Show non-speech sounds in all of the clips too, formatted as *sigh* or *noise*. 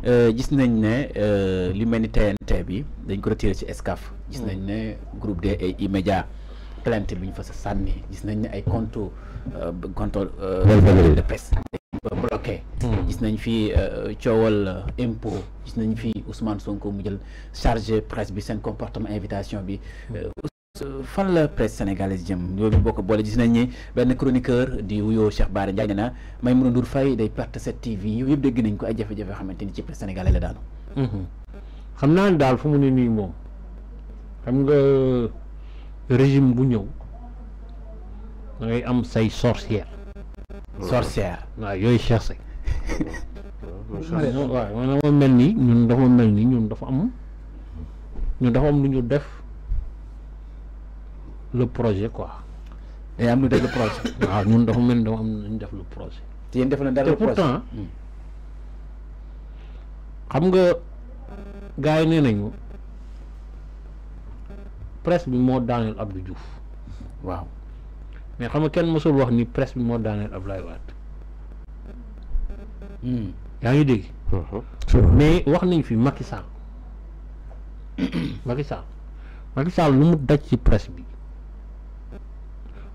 Euh, gis nañ ne euh, li mel ni bi dañ ko ci Excaf. gis nañ mm. ne groupe des ay immédiat plainte bi ñu fa sa sànni gis nañ ne ay compte euh, compte de presse bloqué mm. gis nañ fi coowal impôt gis nañ fi Ousmane Sonko mu jël chargé presse bi seen comportement invitation bi fan la presse sénégalaise jëm yooyu boo ko boole gis nañ ni benn chroniqueur di wuyoo Cheikh Bara Ndiaye nee na Maïmouna Ndour Faye day perte cette TV yow yëpp dégg nañ ko ay jafe-jafe xamante ni ci presse sénégalaise la daanu. Mhm. xam naa ne daal fu mu ne nii moom xam nga régime bu ñëw da am say sorcière. sorcière waaw yooyu Cheikh Seck. *laughs* waaw man dafa mel ni ñun dafa mel ni ñun dafa am ñun dafa am lu ñu def. le projet quoi day am na def le projet *laughs* waaw ñun dafa mel def le projet te yéen def na dara le projet te pourtant hmm. xam nga gars yi nee nañu presse bi moo daaneel Abdou Diouf waaw mais xam nga kenn mësul wax ni presse bi moo daaneel Abdoulaye Wade hmm. yaa ngi dégg mhm. mais wax nañu fi Macky Sall *coughs* Macky Sall Macky lu mu daj ci presse bi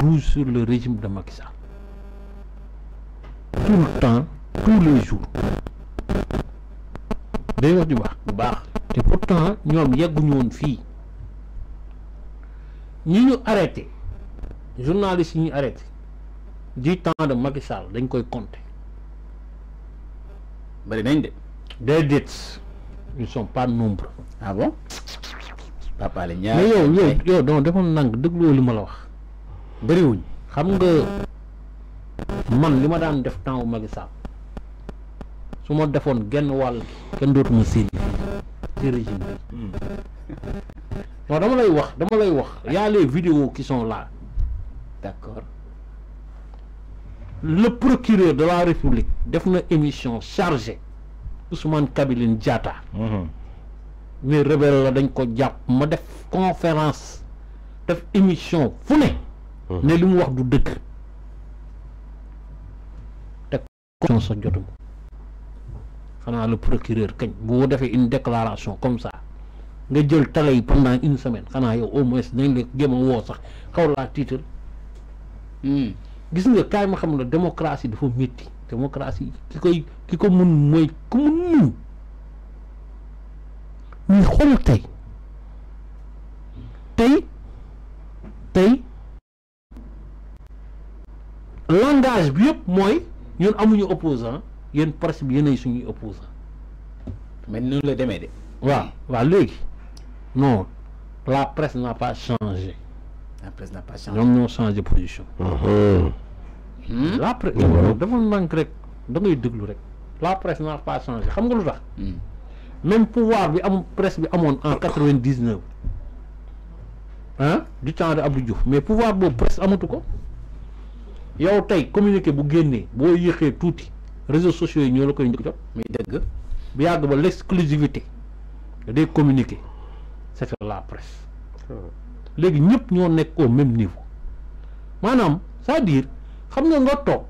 Nous, sur le régime de Macky Tout le temps, tous les jours. D'ailleurs, du du du pourtant nous yegguñu une filles. Nous, ñu journaliste journalistes, nous du temps de Macky Sall dañ koy compter ils nañ sont pas nombreux ah bon Papa les gars. mais yow yow yo, donc wuñ xam nga man li ma daan def temps magi sa Sall su ma defoon genn wàll kenn dootuma séen ci régime bi hmm. non dama lay wax dama lay wax y a les vidéos qui sont là d'accord le procureur de la République def na émission chargée Ousmane Kabiline diata mais hmm. rebelle la dañ ko jàpp ma def conférence def émission fu ne Mhm. ne limu wax du deug te comme sax jotum xana le procureur kagn bu wo defee une déclaration comme ça nga jël talay pendant une semaine xana yow au moins dañ le jéem wo sax kaw la titre hmm gis nga kay ma xam la démocratie dafa metti démocratie ki koy ki ko mun moy ku mun ni ni xol tay tay langage bi yëpp mooy ñun amuñu opposant yeen presse bi yéenay suñu opposant mais ñu la démé dé wa wa légui non la presse n'a pas changé. la presse n'a pas changé ñom ñoo changé position. Hmm? la presse hmm. dafa manque rek da ngay déglu rek la presse n'a pas changé xam nga lu tax. Hmm. même pouvoir bi am presse bi amone en 99. Hein? du temps de Abdou Diouf mais pouvoir boobu presse amatu ko. yow tey communiqué bu génnee boo yéexee tuuti réseau sociaux yi ñoo la koy njëkk jot muy dëgg bu yàgg ba l'exclusivité des communiqués c'est la presse léegi ñëpp ñoo nekk au même niveau maanaam cest à xam nga nga toog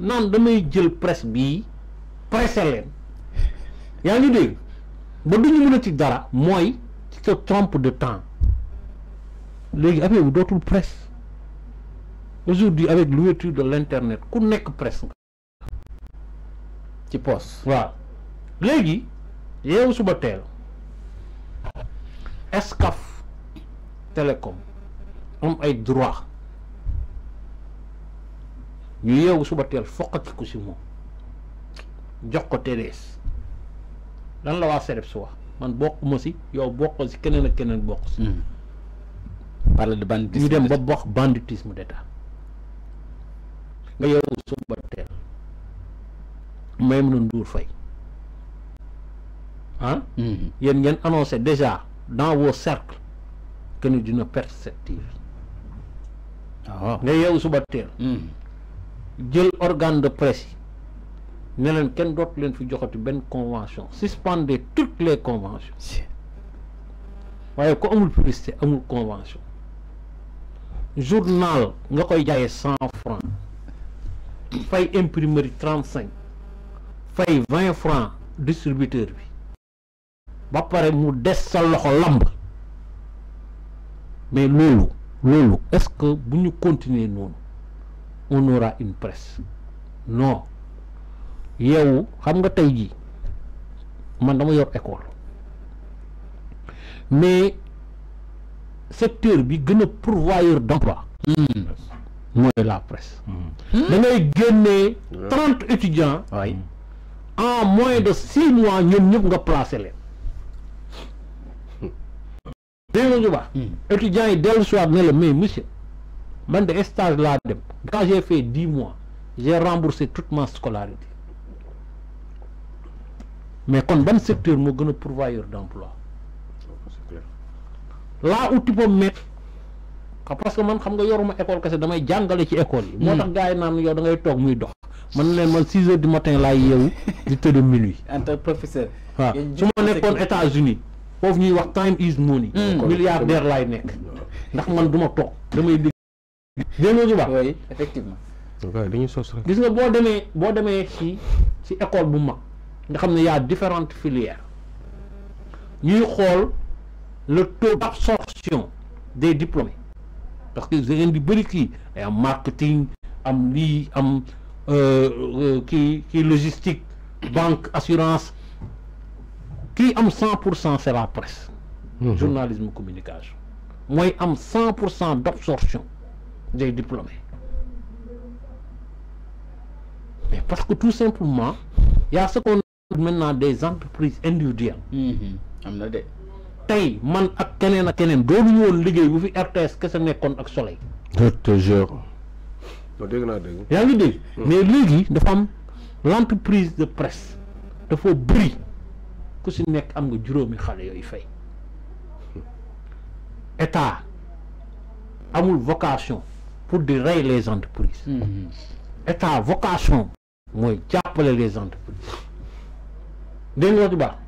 naan damay jël presse bii pressé leen yaa ngi dégg ba duñu mën a ci dara mooy ci sa trompe de temps léegi affaire bi dootul presse aujourd'hui avec l'ouverture de l'internet ku nekk presse nga ci poste waaw léegi yeewu suba teel Excaf télécom am ay droit ñu yeewu suba teel foqati ko si Il jox ko TDS lan la y a wax man Il y si yow bokk Il keneen ak keneen bokk Il hmm. parle de banditisme ñu dem ba bokk banditisme d'état nga yow suba teel Maïmouna Ndour Faye ah mm-hmm. yéen annoncé déjà dans vos cercles que nous d'une perspective. cette ah. TV waaw nga mm-hmm. organe de presse yi ken dot len fi joxati une convention suspendez toutes les conventions waaye ko amul publicité amul convention journal nga koy jaye 100 francs fay imprimerie trente cinq fay vingt francs distributeur bi ba pare mu des sa loxo lamb mais loolu loolu est-ce que bu ñu continuer noonu on une presse non yow xam nga tey jii man dama yor école mais secteur bi gën a pourvoyeur d'emploi hmm. moi de la presse. mais j'ai gagné 30 étudiants mm. en moins de 6 mois, nous avons placé les. Dès les étudiants et dès le soir, de monsieur, quand j'ai fait 10 mois, j'ai remboursé toute ma scolarité. Mais quand dans secteur, nous avons un pourvoyeur d'emploi. Là où tu peux mettre parce que man xam nga yoruma école kese damay jàngale ci école yi. moo hmm. tax gars yi naan yow da ngay toog muy dox. man leen man six heures du matin laay yeewu di tëdd minuit. *laughs* en tant que su ma nekkoon États-Unis foofu ñuy wax time is money. Hmm. milliardaire laay nekk ndax man du ma toog damay dégg. dégg nga oui effectivement. dañuy gis nga boo demee boo demee ci ci école bu mag nga xam ne yaa a différentes filières ñuy xool le taux d'absorption de diplômés. parce que j'ai rien qui marketing am li, am qui, euh, euh, qui logistique banque assurance qui am 100% c'est la presse mhm. journalisme communication Moi, am 100% d'absorption des diplômés parce que tout simplement il y a ce qu'on a maintenant des entreprises individuelles mhm tay man ak keneen ak keneen doonu ñu woon liggéey bu fi RTS kese nekkoon ak soleil. je te jure. dégg naa dégg. yaa ngi dégg. Hmm. mais léegi dafa am l' entreprise de presse dafa bëri ku si nekk am nga juróomi xale yooyu fay hmm. état amul vocation pour di rey les entreprises. Hmm. état vocation mooy jàppale les entreprises dégg nga wax baax.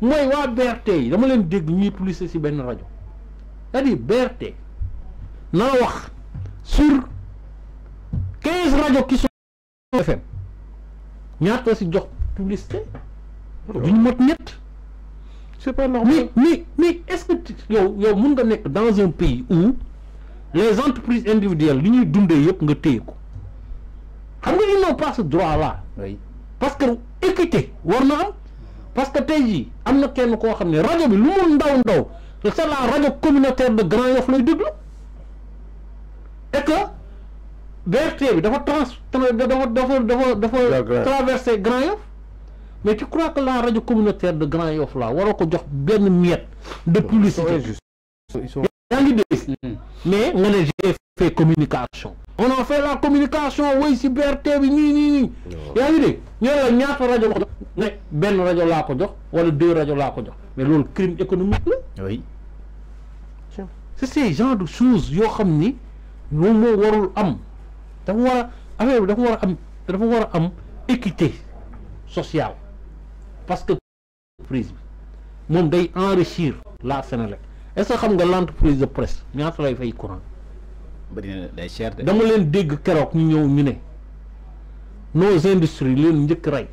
je waa berté dama len dégg ñuy publicité ci ben radio c'est-à-dire BRT na wax sur 15 radios qui sont FM ñaata ci jox publicité duñu mot net c'est pas normal mais mais est-ce que yow yow mën nga dans un pays où les entreprises individuelles li ñuy dundé yépp nga téyé ko xam nga ils n'ont pas ce droit là parce que équité war na am parce que tay jii am kenn ko xamné radio bi lu mu ndaw ndaw c'est la radio communautaire de Grand Yoff lay déglu et que BRT bi dafa trans dafa dafa dafa dafa Grand Yoff mais tu crois que la radio communautaire de Grand Yoff là waroo ko jox ben miette de publicité yaa ngi dégg mais nga ne j'ai fait communication on a fait la communication oui, si BRT bi ni nii nii yaa ngi dé ñoo la ñaata rajo la benn rajo laa ko jox wala deux rajo laa ko jox mais loolu crime économique la. oui. c'est ces de choses yoo xam ni moom moo warul am dafa war a bi dafa war a am dafa war a am équité sociale parce que entreprise moom day enrichir la Sénélec est-ce xam nga l'entreprise de presse ñaata lay fay courant. day cher dama leen dégg kerook ñu ñëw ñu ne nos industries leen njëkk rey.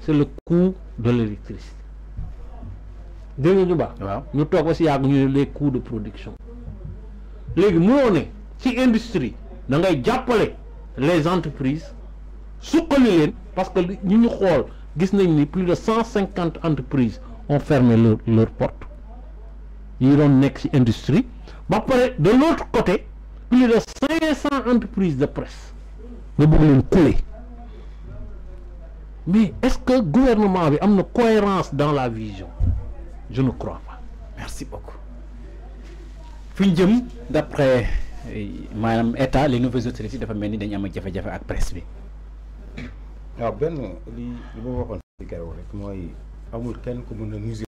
c'est le coût de l'électricité de nous, ñu nous aussi les coûts de production les monnaies si l'industrie industrie da ngay les entreprises parce que nous ñu plus de 150 entreprises ont fermé leurs portes Ils ont doon industrie de l'autre côté plus de 500 entreprises de presse Nous bëgg couler mais est-ce que le gouvernement a une cohérence dans la vision Je ne crois pas. Merci beaucoup. Finjum, d'après eh, Mme Eta, les nouvelles autorités dafa mener dañ am jafé jafé presse Alors ben li waxone